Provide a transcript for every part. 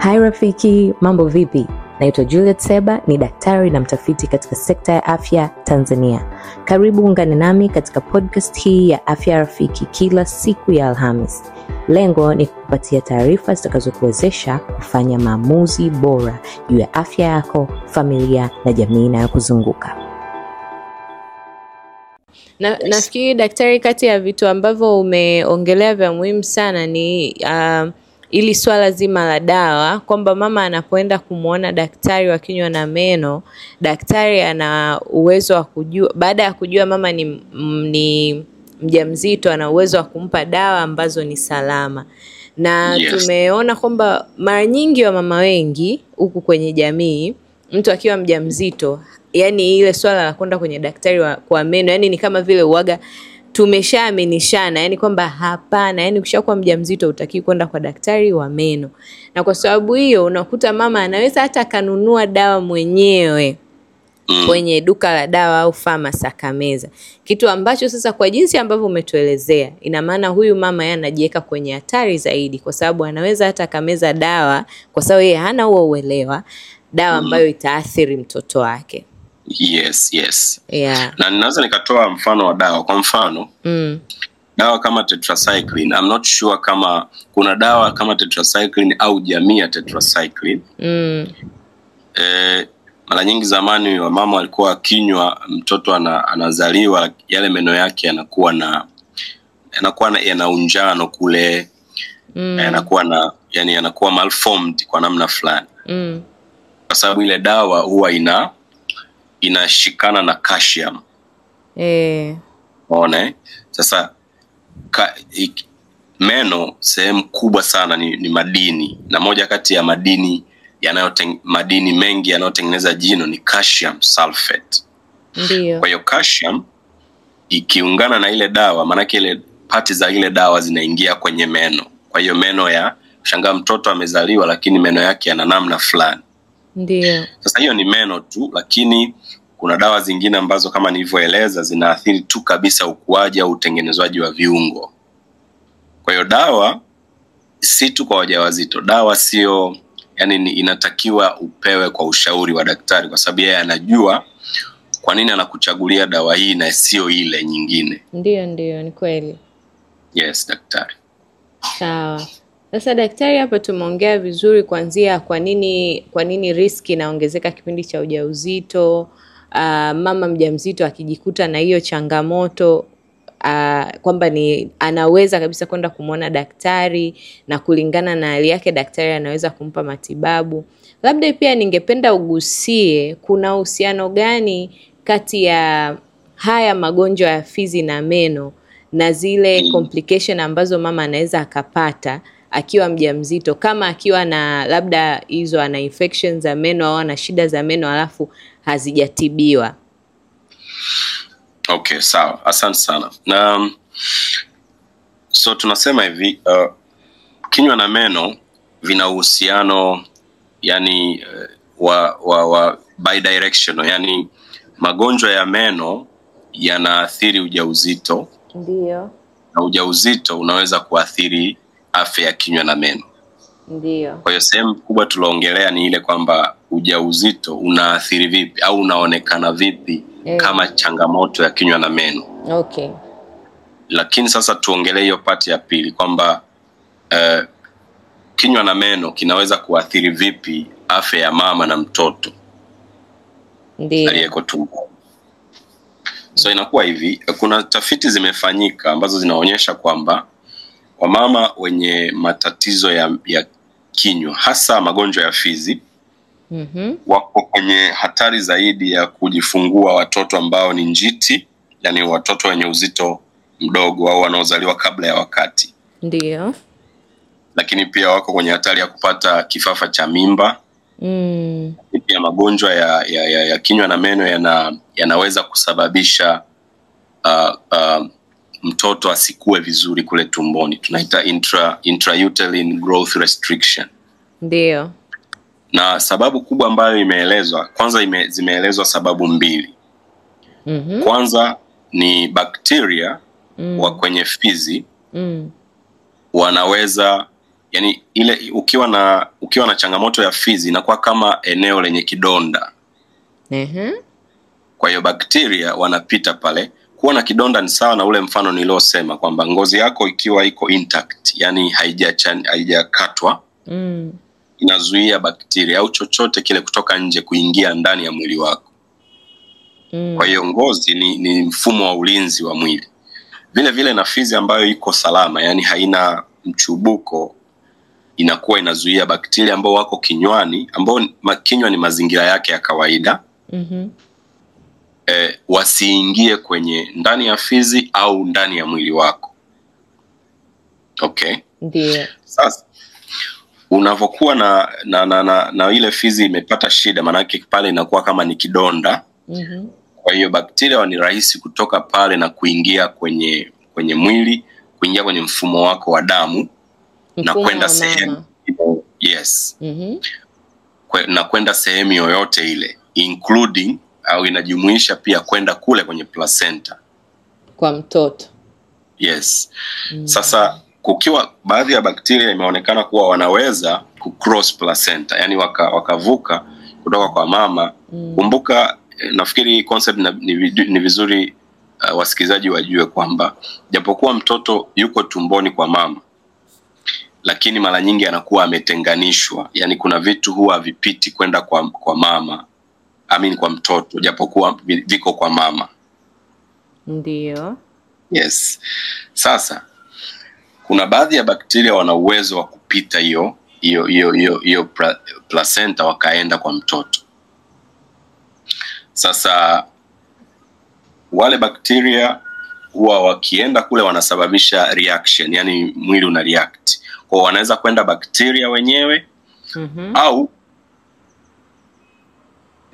Hai rafiki, mambo vipi? Naitwa Juliet Seba, ni daktari na mtafiti katika sekta ya afya Tanzania. Karibu ungane nami katika podcast hii ya Afya Rafiki kila siku ya Alhamis. Lengo ni kukupatia taarifa zitakazokuwezesha kufanya maamuzi bora juu ya afya yako, familia na jamii inayokuzunguka. Na, nafikiri daktari, kati ya vitu ambavyo umeongelea vya muhimu sana ni uh, ili swala zima la dawa kwamba mama anapoenda kumwona daktari wa kinywa na meno, daktari ana uwezo wa kujua, baada ya kujua mama ni, ni mjamzito, ana uwezo wa kumpa dawa ambazo ni salama na yes. Tumeona kwamba mara nyingi wa mama wengi huku kwenye jamii, mtu akiwa mjamzito, yani ile swala la kwenda kwenye daktari wa, kwa meno yani ni kama vile uwaga tumeshaaminishana yani kwamba hapana, yani ukishakuwa mjamzito utakii kwenda kwa daktari wa meno, na kwa sababu hiyo unakuta mama anaweza hata akanunua dawa mwenyewe mm. kwenye duka la dawa au fama akameza, kitu ambacho sasa, kwa jinsi ambavyo umetuelezea, ina maana huyu mama yeye anajiweka kwenye hatari zaidi, kwa sababu anaweza hata akameza dawa, kwa sababu yeye hana huo uelewa, dawa mm. ambayo itaathiri mtoto wake yes yes yeah. na ninaweza nikatoa mfano wa dawa kwa mfano mm. dawa kama tetracycline I'm not sure kama kuna dawa kama tetracycline au jamii ya tetracycline mm. e, mara nyingi zamani wamama walikuwa wakinywa mtoto ana, anazaliwa yale meno yake yanakuwa na yanakuwa na, yana unjano kule mm. yanakuwa na yani yanakuwa malformed kwa namna fulani mm. kwa sababu ile dawa huwa ina inashikana na calcium eh. Ona eh? sasa ka, ik, meno sehemu kubwa sana ni, ni madini na moja kati ya madini yanayoteng, madini mengi yanayotengeneza jino ni calcium sulfate. Ndio. Kwa hiyo calcium ikiungana na ile dawa, maanake ile pati za ile dawa zinaingia kwenye meno. Kwa hiyo meno ya shangaa, mtoto amezaliwa lakini meno yake yana namna fulani ndio. Sasa hiyo ni meno tu, lakini kuna dawa zingine ambazo kama nilivyoeleza zinaathiri tu kabisa ukuaji au utengenezwaji wa viungo. Kwa hiyo dawa si tu kwa wajawazito, dawa sio yani, inatakiwa upewe kwa ushauri wa daktari, kwa sababu yeye anajua kwa nini anakuchagulia dawa hii na sio ile nyingine. Ndio, ndio, ni kweli. Yes, daktari. Sawa. Sasa daktari, hapa tumeongea vizuri kuanzia kwa nini kwa nini riski inaongezeka kipindi cha ujauzito. Uh, mama mjamzito akijikuta na hiyo changamoto uh, kwamba ni anaweza kabisa kwenda kumwona daktari na kulingana na hali yake daktari anaweza kumpa matibabu. Labda pia ningependa ugusie kuna uhusiano gani kati ya haya magonjwa ya fizi na meno na zile mm. complication ambazo mama anaweza akapata akiwa mjamzito, kama akiwa na labda hizo ana infection za meno au ana shida za meno alafu hazijatibiwa. Okay, sawa, asante sana. Na um, so tunasema hivi uh, kinywa na meno vina uhusiano yani uh, wa, wa, wa bidirectional, yani magonjwa ya meno yanaathiri ujauzito. Ndio. Na ujauzito unaweza kuathiri afya ya kinywa na meno. Ndiyo. Kwa hiyo sehemu kubwa tulioongelea ni ile kwamba ujauzito unaathiri vipi au unaonekana vipi e, kama changamoto ya kinywa na meno. Okay. Lakini sasa tuongelee hiyo pati ya pili kwamba uh, kinywa na meno kinaweza kuathiri vipi afya ya mama na mtoto aliyeko tumboni. So inakuwa hivi, kuna tafiti zimefanyika ambazo zinaonyesha kwamba wamama wenye matatizo ya, ya kinywa hasa magonjwa ya fizi mm -hmm. wako kwenye hatari zaidi ya kujifungua watoto ambao ni njiti, yani watoto wenye uzito mdogo au wanaozaliwa kabla ya wakati. ndio Lakini pia wako kwenye hatari ya kupata kifafa cha mimba mm. Pia magonjwa ya, ya, ya, ya kinywa na meno yana yanaweza kusababisha uh, uh, mtoto asikue vizuri kule tumboni, tunaita intra, growth restriction. Ndio, na sababu kubwa ambayo imeelezwa kwanza ime, zimeelezwa sababu mbili mm -hmm. Kwanza ni bakteria mm. wa kwenye fizi mm. wanaweza yani, ile ukiwa na ukiwa na changamoto ya fizi inakuwa kama eneo lenye kidonda mm -hmm. Kwa hiyo bakteria wanapita pale kuwa na kidonda ni sawa na ule mfano niliosema kwamba ngozi yako ikiwa iko intact, yani haijakatwa mm. inazuia bakteria au chochote kile kutoka nje kuingia ndani ya mwili wako mm. Kwa hiyo ngozi ni, ni mfumo wa ulinzi wa mwili. Vile vile na fizi ambayo iko salama, yani haina mchubuko, inakuwa inazuia bakteria ambao wako kinywani, ambao kinywa ni mazingira yake ya kawaida mm -hmm eh, wasiingie kwenye ndani ya fizi au ndani ya mwili wako. Okay, ndio sasa unavyokuwa na na, na, na na ile fizi imepata shida, maanake pale inakuwa kama ni kidonda mm -hmm. Kwa hiyo bakteria ni rahisi kutoka pale na kuingia kwenye kwenye mwili, kuingia kwenye mfumo wako wa damu na kwenda sehemu yes. mm -hmm. na kwenda sehemu yoyote ile including au inajumuisha pia kwenda kule kwenye placenta kwa mtoto yes mm. sasa kukiwa baadhi ya bakteria imeonekana kuwa wanaweza kucross placenta yani waka, wakavuka kutoka kwa mama mm. kumbuka eh, nafikiri concept na, ni, ni vizuri uh, wasikilizaji wajue kwamba japokuwa mtoto yuko tumboni kwa mama lakini mara nyingi anakuwa ametenganishwa yani kuna vitu huwa vipiti kwenda kwa, kwa mama amini kwa mtoto japokuwa viko kwa mama. Ndio. Yes. Sasa kuna baadhi ya bakteria wana uwezo wa kupita hiyo hiyo hiyo hiyo hiyo placenta wakaenda kwa mtoto. Sasa wale bakteria huwa wakienda kule wanasababisha reaction, yani mwili una react kwao, wanaweza kwenda bakteria wenyewe mm -hmm. au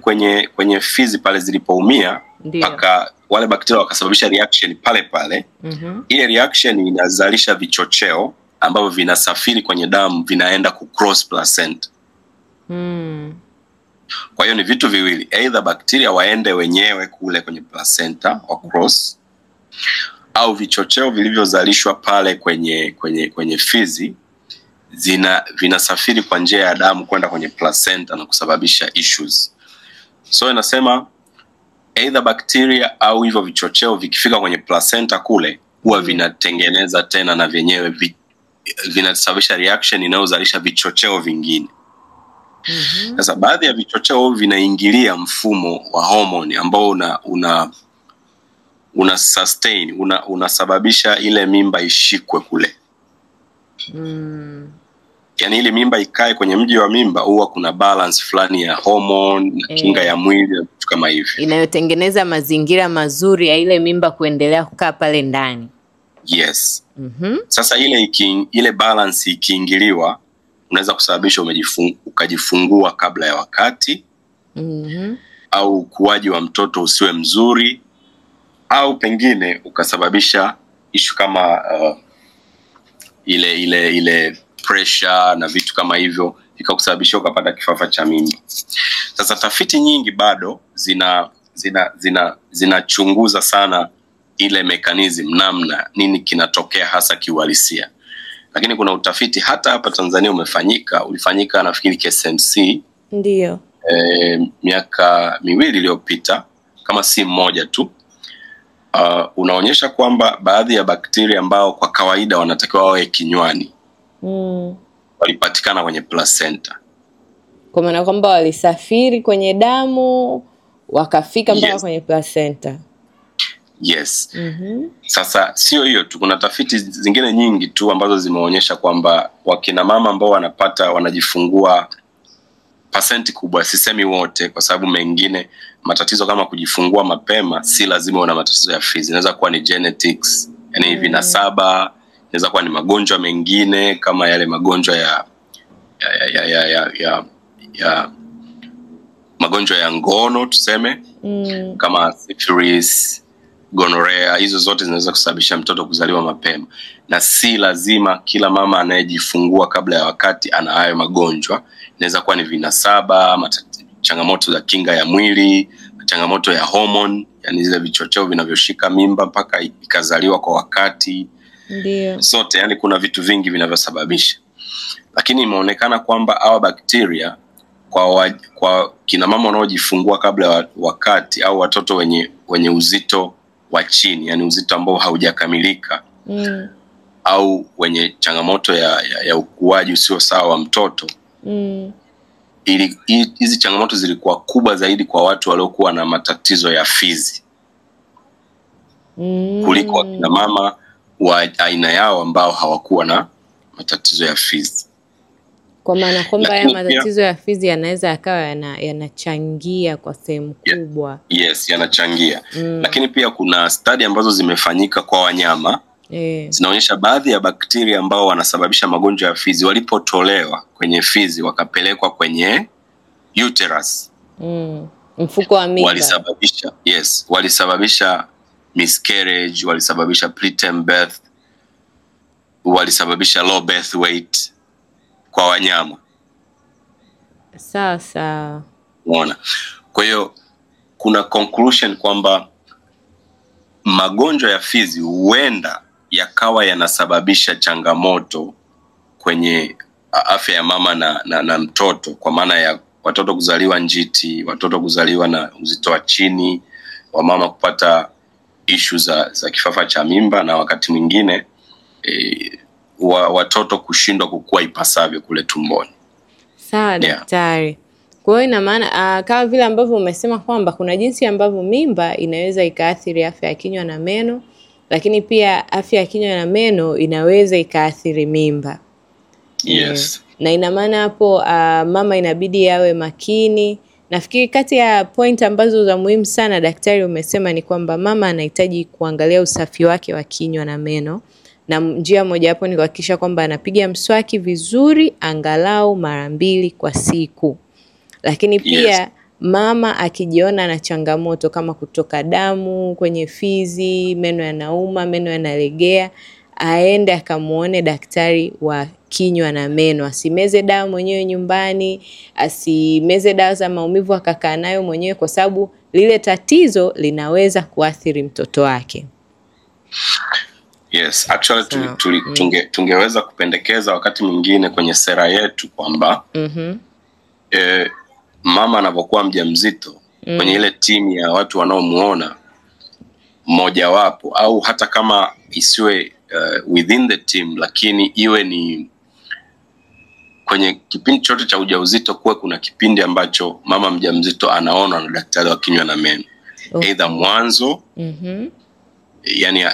kwenye kwenye fizi pale zilipoumia mpaka wale bakteria wakasababisha reaction pale pale. mm -hmm. Ile reaction inazalisha vichocheo ambavyo vinasafiri kwenye damu vinaenda kucross mm. Kwa hiyo ni vitu viwili, either bakteria waende wenyewe kule kwenye placenta wa cross au vichocheo vilivyozalishwa pale kwenye kwenye kwenye fizi zina vinasafiri kwa njia ya damu kwenda kwenye placenta na kusababisha issues. So inasema eidha bakteria au hivyo vichocheo vikifika kwenye placenta kule huwa mm. vinatengeneza tena na vyenyewe vi, vinasababisha reaction inayozalisha vichocheo vingine. Mm-hmm. Sasa mm -hmm. Baadhi ya vichocheo vinaingilia mfumo wa homoni ambao una una una sustain, una unasababisha ile mimba ishikwe kule mm yani ili mimba ikae kwenye mji wa mimba huwa kuna balance fulani ya hormone na e, kinga ya mwili na vitu kama hivyo inayotengeneza mazingira mazuri ya ile mimba kuendelea kukaa pale ndani. Yes. mm -hmm. Sasa ile iki, ile balance ikiingiliwa unaweza kusababisha ukajifungua kabla ya wakati mm -hmm. au ukuaji wa mtoto usiwe mzuri au pengine ukasababisha ishu kama uh, ile ile ile pressure na vitu kama hivyo vikakusababishia ukapata kifafa cha mimba. Sasa tafiti nyingi bado zina zina zina, zina sana ile mechanism, namna nini kinatokea hasa kiuhalisia, lakini kuna utafiti hata hapa Tanzania umefanyika, ulifanyika nafikiri KSMC ndio e, miaka miwili iliyopita kama si mmoja tu uh, unaonyesha kwamba baadhi ya bakteria ambao kwa kawaida wanatakiwa wawe kinywani mm. walipatikana kwenye placenta, kwa maana kwamba walisafiri kwenye damu wakafika mpaka yes. kwenye placenta yes. mm -hmm. Sasa sio hiyo tu, kuna tafiti zingine nyingi tu ambazo zimeonyesha kwamba wakina mama ambao wanapata wanajifungua pasenti kubwa, sisemi wote, kwa sababu mengine matatizo kama kujifungua mapema si lazima una matatizo ya fizi, inaweza kuwa ni genetics, yani vinasaba inaweza kuwa ni magonjwa mengine kama yale magonjwa ya ya ya ya, ya, ya, ya magonjwa ya ngono tuseme mm. kama syphilis, gonorea hizo zote zinaweza kusababisha mtoto kuzaliwa mapema na si lazima kila mama anayejifungua kabla ya wakati ana hayo magonjwa inaweza kuwa ni vinasaba changamoto za kinga ya mwili changamoto ya homoni yani zile vichocheo vinavyoshika mimba mpaka ikazaliwa kwa wakati Ndiyo. sote yani, kuna vitu vingi vinavyosababisha, lakini imeonekana kwamba hawa bakteria kwa, wa, kwa kina mama wanaojifungua kabla wakati au watoto wenye, wenye uzito wa chini yani uzito ambao haujakamilika mm. au wenye changamoto ya, ya, ya ukuaji usio sawa wa mtoto mm. ili hizi changamoto zilikuwa kubwa zaidi kwa watu waliokuwa na matatizo ya fizi mm. kuliko kina mama wa aina yao ambao hawakuwa na matatizo ya fizi. Kwa maana kwamba haya matatizo ya fizi yanaweza yakawa yanachangia yana kwa sehemu kubwa. Yes, yanachangia mm. Lakini pia kuna stadi ambazo zimefanyika kwa wanyama e, zinaonyesha baadhi ya bakteria ambao wanasababisha magonjwa ya fizi walipotolewa kwenye fizi wakapelekwa kwenye uterus mm. mfuko wa mimba walisababisha, yes, walisababisha miscarriage, walisababisha preterm birth, walisababisha low birth weight kwa wanyama. Sasa unaona. Kwa hiyo kuna conclusion kwamba magonjwa ya fizi huenda yakawa yanasababisha changamoto kwenye afya ya mama na, na, na mtoto kwa maana ya watoto kuzaliwa njiti, watoto kuzaliwa na uzito wa chini, wamama kupata ishu za, za kifafa cha mimba na wakati mwingine e, wa, watoto kushindwa kukua ipasavyo kule tumboni. Sawa daktari, Kwa hiyo ina maana ah, kama vile ambavyo umesema kwamba kuna jinsi ambavyo mimba inaweza ikaathiri afya ya kinywa na meno, lakini pia afya ya kinywa na meno inaweza ikaathiri mimba. Yes. Yeah. Na ina maana hapo ah, mama inabidi yawe makini Nafikiri kati ya point ambazo za muhimu sana daktari umesema ni kwamba mama anahitaji kuangalia usafi wake wa kinywa na meno, na njia mojawapo ni kuhakikisha kwamba anapiga mswaki vizuri angalau mara mbili kwa siku. Lakini pia yes. Mama akijiona na changamoto kama kutoka damu kwenye fizi, meno yanauma, meno yanalegea, aende akamwone daktari wa kinywa na meno, asimeze dawa mwenyewe nyumbani, asimeze dawa za maumivu akakaa nayo mwenyewe, kwa sababu lile tatizo linaweza kuathiri mtoto wake. Yes, actually so, tu, tu, mm. tunge, tungeweza kupendekeza wakati mwingine kwenye sera yetu kwamba mm -hmm. e, mama anapokuwa mjamzito mm. kwenye ile timu ya watu wanaomuona mmojawapo, au hata kama isiwe uh, within the team, lakini iwe ni kwenye kipindi chote cha ujauzito kuwa kuna kipindi ambacho mama mjamzito anaonwa na daktari wa kinywa na meno okay. Oh. okay. mwanzo mm-hmm. yani uh,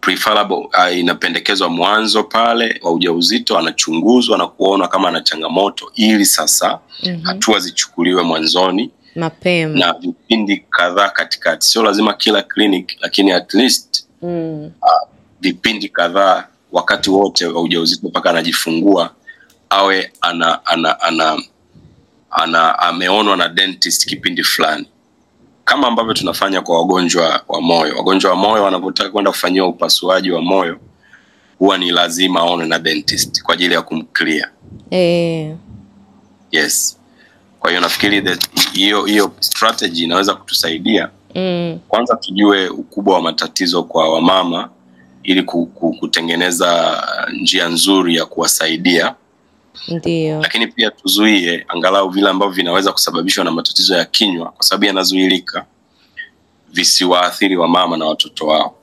preferable uh, inapendekezwa mwanzo pale wa ujauzito anachunguzwa na kuona kama ana changamoto ili sasa mm-hmm. hatua zichukuliwe mwanzoni mapema na vipindi kadhaa katikati sio lazima kila clinic lakini at least mm. uh, vipindi kadhaa wakati wote wa ujauzito mpaka anajifungua awe ana, ana, ana, ana ameonwa na dentist kipindi fulani, kama ambavyo tunafanya kwa wagonjwa wa moyo. Wagonjwa wa moyo wanapotaka kwenda kufanyiwa upasuaji wa moyo huwa ni lazima aone na dentist kwa ajili ya kumklia Eh. Yes. Kwa hiyo nafikiri that hiyo hiyo strategy inaweza kutusaidia mm. Kwanza tujue ukubwa wa matatizo kwa wamama ili kutengeneza njia nzuri ya kuwasaidia Ndiyo. Lakini pia tuzuie angalau vile ambavyo vinaweza kusababishwa na matatizo ya kinywa kwa sababu yanazuilika, visiwaathiri wa mama na watoto wao.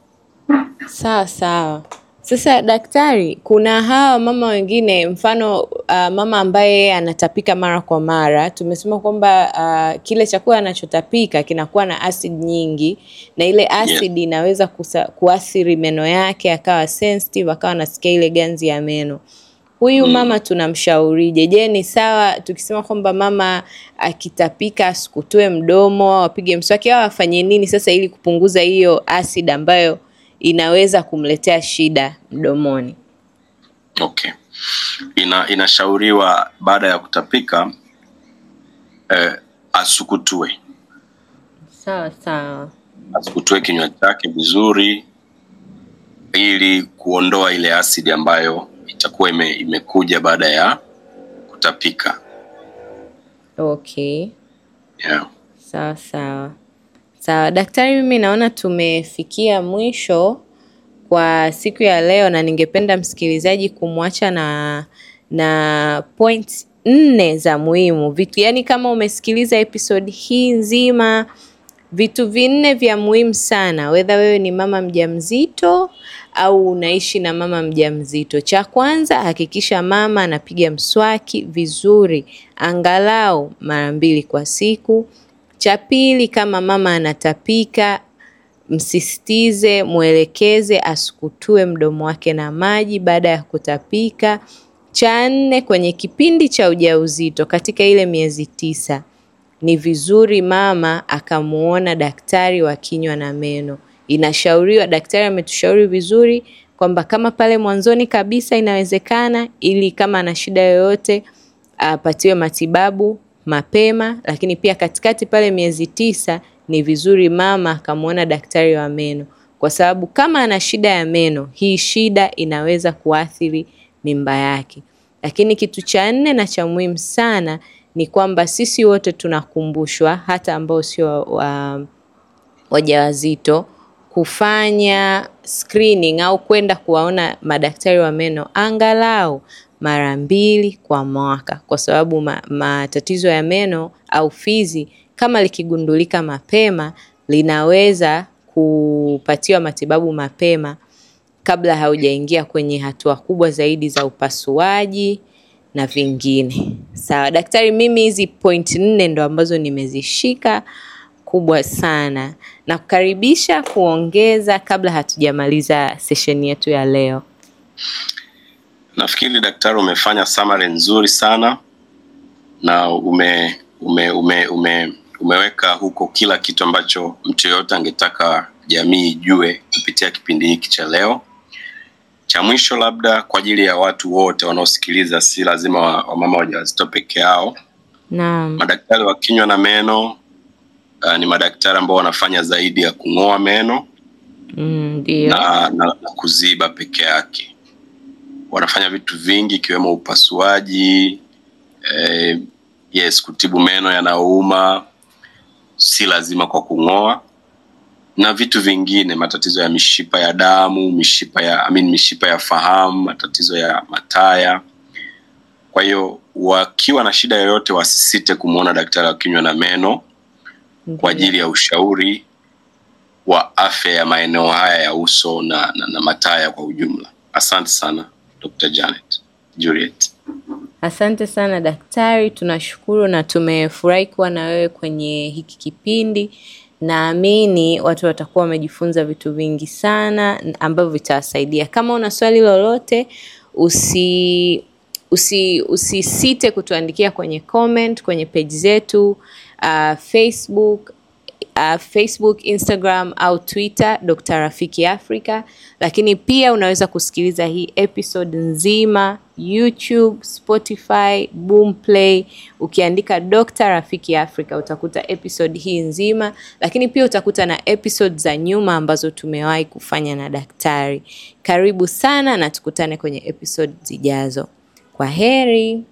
Sawa sawa. Sasa daktari, kuna hawa mama wengine mfano uh, mama ambaye anatapika mara kwa mara, tumesema kwamba uh, kile chakula anachotapika kinakuwa na asidi nyingi, na ile asidi inaweza kusa, kuathiri meno yake, akawa sensitive, akawa anasikia ile ganzi ya meno huyu mm. mama tunamshaurije? Je, ni sawa tukisema kwamba mama akitapika asikutue mdomo au apige mswaki au afanye nini sasa ili kupunguza hiyo asidi ambayo inaweza kumletea shida mdomoni? Okay. Ina, inashauriwa baada ya kutapika eh, asukutue. Sawa sawa, asukutue kinywa chake vizuri ili kuondoa ile asidi ambayo itakuwa ime, imekuja baada ya kutapika. Okay, yeah. Sawa sawa sawa, daktari, mimi naona tumefikia mwisho kwa siku ya leo, na ningependa msikilizaji kumwacha na na point nne za muhimu vitu, yani kama umesikiliza episodi hii nzima, vitu vinne vya muhimu sana, wedha wewe ni mama mjamzito au unaishi na mama mjamzito, cha kwanza hakikisha mama anapiga mswaki vizuri angalau mara mbili kwa siku. Cha pili, kama mama anatapika msisitize, mwelekeze asukutue mdomo wake na maji baada ya kutapika. Cha nne, kwenye kipindi cha ujauzito katika ile miezi tisa, ni vizuri mama akamuona daktari wa kinywa na meno inashauriwa, daktari ametushauri vizuri kwamba kama pale mwanzoni kabisa inawezekana, ili kama ana shida yoyote apatiwe matibabu mapema, lakini pia katikati pale miezi tisa ni vizuri mama akamwona daktari wa meno, kwa sababu kama ana shida ya meno, hii shida inaweza kuathiri mimba yake. Lakini kitu cha nne na cha muhimu sana ni kwamba sisi wote tunakumbushwa, hata ambao sio wajawazito kufanya screening au kwenda kuwaona madaktari wa meno angalau mara mbili kwa mwaka, kwa sababu matatizo ma ya meno au fizi kama likigundulika mapema linaweza kupatiwa matibabu mapema kabla haujaingia kwenye hatua kubwa zaidi za upasuaji na vingine. Sawa daktari, mimi hizi point nne ndo ambazo nimezishika kubwa sana. na kukaribisha kuongeza kabla hatujamaliza sesheni yetu ya leo. Nafikiri daktari, umefanya summary nzuri sana na ume, ume, ume, ume umeweka huko kila kitu ambacho mtu yoyote angetaka jamii ijue kupitia kipindi hiki cha leo. Cha mwisho, labda kwa ajili ya watu wote wanaosikiliza, si lazima wamama wajawazito peke yao. Naam. Madaktari wa kinywa na meno uh, ni madaktari ambao wanafanya zaidi ya kung'oa meno mm, na, na, na kuziba peke yake. Wanafanya vitu vingi ikiwemo upasuaji eh, yes, kutibu meno yanaouma si lazima kwa kung'oa na vitu vingine, matatizo ya mishipa ya damu, mishipa ya I mean, mishipa ya fahamu, matatizo ya mataya. Kwa hiyo wakiwa na shida yoyote wasisite kumwona daktari wa kinywa na meno kwa ajili ya ushauri wa afya ya maeneo haya ya uso na, na, na mataya kwa ujumla. Asante sana Dr. Janet Juliet. Asante sana daktari, tunashukuru na tumefurahi kuwa na wewe kwenye hiki kipindi. Naamini watu watakuwa wamejifunza vitu vingi sana ambavyo vitawasaidia. Kama una swali lolote, usi usisite kutuandikia kwenye comment kwenye page zetu. Uh, Facebook uh, Facebook, Instagram au Twitter Dr. Rafiki Africa, lakini pia unaweza kusikiliza hii episode nzima YouTube, Spotify, Boomplay. Ukiandika Dr. Rafiki Africa utakuta episode hii nzima, lakini pia utakuta na episode za nyuma ambazo tumewahi kufanya na daktari. Karibu sana na tukutane kwenye episode zijazo. Kwa heri.